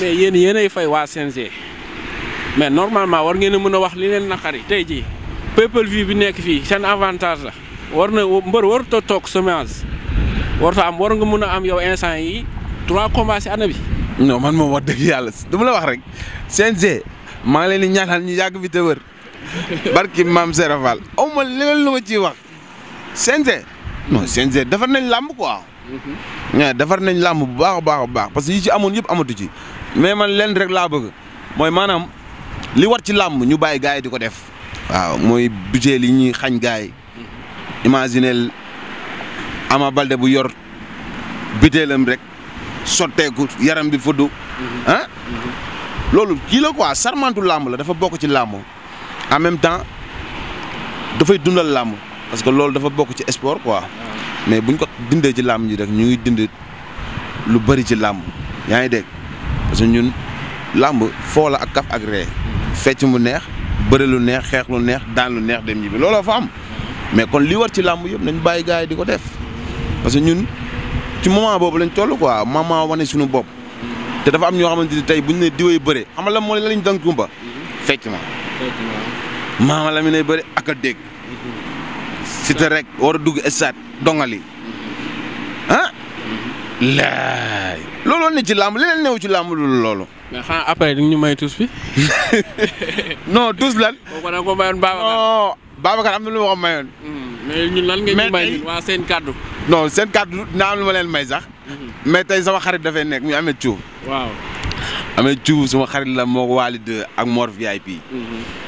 mais yene yéenay fay wa CNG mais normalement war ngeen meuna wax li len nakari tay ji people view bi nek fi sen avantage la war na mbeur war to tok semence war am war nga meuna am yow instant yi trois combats ci année bi. non man mo wad deug yalla dama la wax rek CNG ma ngi leen di ñaanal ñu yag vite wër barki mam Serafal aw ma leneen lu wax CNG. non CNG defar nañ làmb quoi. Mhm. mais defar nañ làmb bu baax baax a baax parce que yi ci amoon yëpp amatu ci mais man lenn rek laa bëgg mooy maanaam li war ci làmb ñu bàyyi gars yi di ko def. waaw mooy budget li ñuy xañ gaay yi. Mhm. imaginel Ama Balde bu yor bitéelam rek sotteeku yaram bi fudd. ah mhm. loolu kii la quoi sarmantu làmb la dafa bokk ci làmb en même temps dafay dundal làmb. parce que loolu dafa bokk ci sport quoi. mais buñ ko dindee ci làmb ji rek ñu ngi dind lu bëri ci làmb yaa ngi dégg parce ñun làmb foo la ak kaf ak ree fecc mu neex bëre lu neex xeex lu neex daan lu neex dem ñibbi looloo fa am mais kon li war ci làmb yëpp nañ bàyyi gars yi di ko def parce que ñun ci moment boobu lañ toll quoi moment wane suñu bopp te dafa am ñoo xamante ni tey buñ ne diwee bëre xam nga lan moo lañ dang kumba fecc ma maama la mi ne bëri ak Siteu rek war a dugg stade dongali laay looloo ne ci làmb leneen néew ci làmb lu loolu. mais xanaa ñu may tuus bi. non tuus lan. am na lu ma ko mayoon. Hmm, mais may ñun waa seen kàddu. non seen kàddu naa lu ma leen may sax. Hmm. mais tey sama xarit dafay nekk muy amee cuub. waaw amee cuub suma xarit la moo ko waali de ak Mor VIP. Hmm.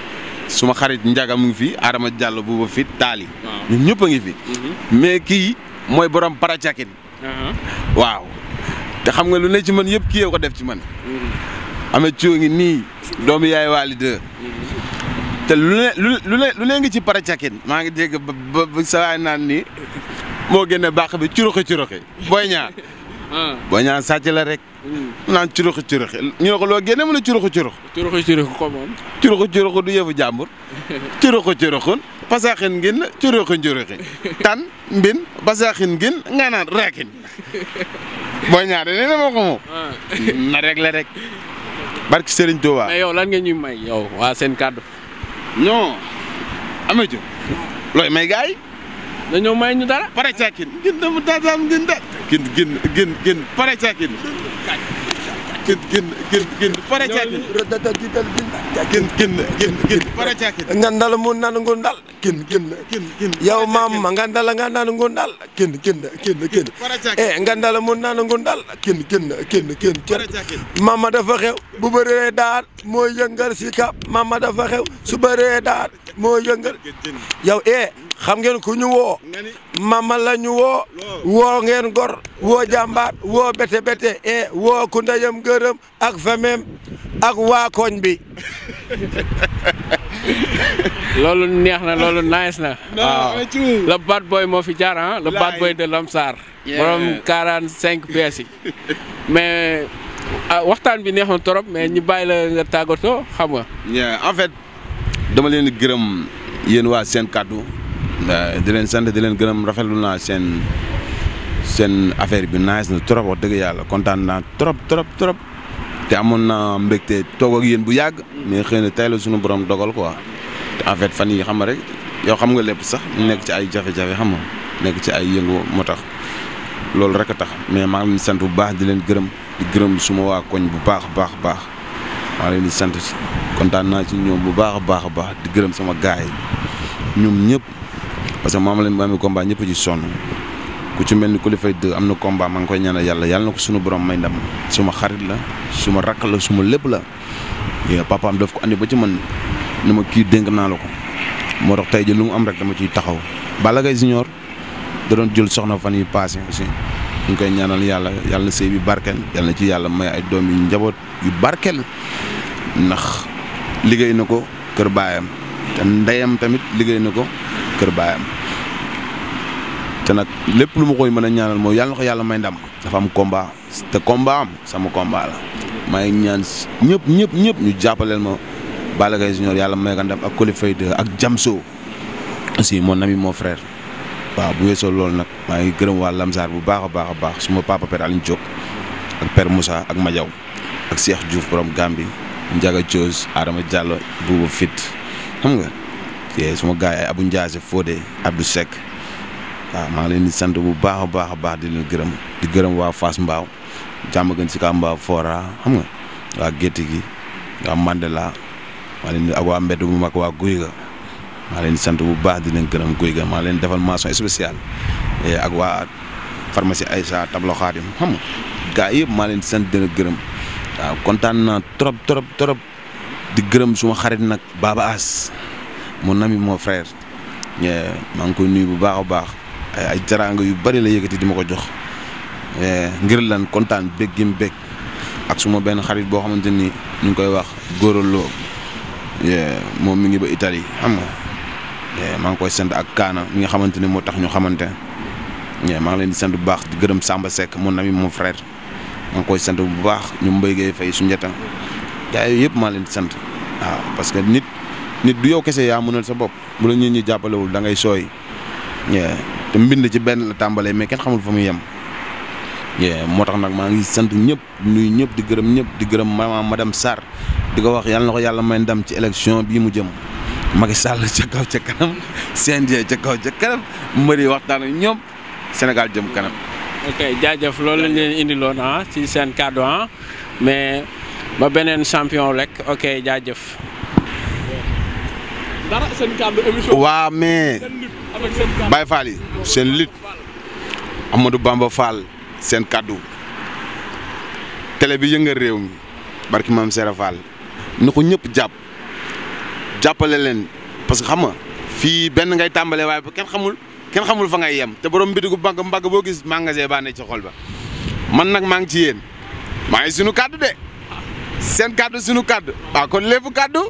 suma xarit Ndiaga mu ngi fi Adama Diallo booba fi Taali. ñun ñëpp a ngi fi. Mhm. mais kii mooy borom paracakin. Uh-huh. waaw te xam nga lu ne ci man yëpp kii ko def ci man. Mhm. amee coo ngi nii doomu yaay waali dë mhm. te lu ne lu ne ngi ci paracakin maa ngi dégg ba ba sa naan ni moo gën baax bi curuxi curuxi booy ñaar. Ah. boo ñaan sàcc la rek. Hmm. mu naan curuxu curuxi ñu ne ko loo génne mu ne curuxu curuxu. curuxu curuxu ko moom. curuxu curuxu du yëfu jàmbur. curuxu curuxun pasaaxin ngin curuxu curuxi tan mbin pasaaxin ngin nga naan reekin boo ñaan nee ma ko moom. Ah. na rek la rek. barki wa Touba. mais yow lan nga ñuy may yow waa seen kàddu. non. amee looy dañu may ñu dara paré cakin gën dem dam gën da gën gën gën gën paré cakin gën gën gën gën pare cakin rodata dital gën gën gën gën gën cakin ngandal mu nan ngundal gën gën gën gën yow mam ngandal nga nan ngundal gën gën gën gën eh ngandal mu nan ngundal gën gën gën gën mama dafa xew bu beure daar moy yëngal mama dafa xew su beure daar moo yëngal yow eh xam ngeen ku ñu woo mama la ñu woo woo ngeen gor woo jàmbaar woo bete bete eh woo ku gërëm ak famem ak waa koñ bi. loolu neex na loolu nice na. waaw le bad boy moo fi jaar la ah, le booy boy de Lamsar. borom 45 bees yi mais ah, waxtaan bi neex na trop mais ñu bàyyi la nga tàggatoo xam dama leen gërëm yéen waa seen kaddu di leen sant di leen gërëm rafetlu naa seen seen affaire bi nice na trop wax dëgg yàlla kontaan naa trop trop trop te amoon naa mbégte toog ak yéen bu yàgg mais xëy na tey la suñu borom dogal quoi te en fan yi xam rek yow xam nga lépp sax nekk ci ay jafe-jafe xam nga nekk ci ay yëngu moo tax loolu rek a tax mais maa ngi sant bu baax di leen gërëm di gërëm suma waa koñ bu baax baax baax maa leen sant sant kontaan naa ci ñoom bu baax a baax a baax di gërëm sama gaay yi ñoom ñëpp parce que maama leen ba amee combat ñëpp ci sonn ku ci mel ni ku li fay dë am na combat maa ngi koy ñaanal yàlla yàlla na ko suñu borom may ndam suma xarit la suma rakk la suma lépp la papaam daf ko am ni ba ci man ni ma kii dénk naa la ko moo tax tey jii lu mu am rek dama ciy taxaw Balla Gaye Junior da doon jël soxna fan yi passé aussi ñu koy ñaanal yàlla yàlla na sëy bi barkeel yàlla na ci yàlla may ay doom yu njaboot yu barkeel ndax liggéey na ko kër baayam te ndeyam tamit liggéey na ko kër baayam te nag lépp lu ma koy mën a ñaanal mooy yàlla ko yàlla may ndam dafa am komba te combat am sama combat la may ñaan ñëpp ñëpp ñëpp ñu jàppaleel ma Balla Gaye Junior yàlla may ko ndam ak Coly Faye ak Jamso aussi mon ami mon frère papa bu yeso lol nak ma ngi gërëm wa Lamsaar bu baaxa baaxa baax suma papa père Alioune Diop ak père Moussa ak Madiaw ak Cheikh Diouf borom Gambi Ndiaga Dios Adama Diallo bu Fit xam nga ci suma gaay ay Abou ndiaze Fodé Abdou sek wa ma ngi leen di sant bu baaxa baaxa baax di leen gërëm di gërëm wa fas mbaw jamm gën ci kaa Mbao Fora xam nga wa Gétti gi Mandela ma leen ak wa mbedd bu mak wa guyga malen santu bu baax di len gërëm guy ga maa defal mention spéciale ak wa pharmacie Aïssa tablo khadim xam nga gaa yëpp maa sante sant dina gërëm contane na trop trop trop di gërëm suma xarit nak Baba As mo nami mo frère ma ngi koy nuyu bu baax baax ay jaraanga yu bari la yëkëti dima ko jox ngir lan contane bég gi ak suma ben xarit bo xamanteni ñu koy wax yeah, mom mi ngi ba italy xam nga mang koy sante ak kana mi nga xamanteni ni tax ñu xamante maa ngi leen di sante bu baax di gëreum Samba sek mon nami mon frère mang koy sante bu baax ñu mbéygee fay su njata jaay yépp leen di sante wa parce que nit nit du yow kessé ya mënal sa bop bu la ñi ñi wul da ngay ñe te mbind ci ben la tambalé mais kenn xamul fa muy yem moo tax nak maa ngi sante ñepp nuy ñepp di gëreum ñepp di gëreum madame sar di wax yalla nako yalla may ndam ci élection bi mu jëm Macky Sall ca kaw ca kanam CNG ca kaw ca kanam mbër yi waxtaan ak ñoom Sénégal jëm kanam. ok jaajëf loolu lañ leen indiloon ah ci seen kàddu ah mais ba beneen champion rek ok jaajëf. waa mais Baye Fall yi seen lutte Amadou Bamba Fall seen kàddu télé bi yëngal réew mi barki maam Serap Fall na ko ñëpp jàpp. jàppale leen parce que xam nga fii benn ngay tàmbalee waaye ba kenn xamul kenn xamul fa ngay yem te borom mbitigu mbagg mbagg boo gis magasin baa ne ci xol ba man nag maa ngi ci yéen maa ngi sunu kàddu de seen kàddu sunu kàddu waaw kon lépp kàddu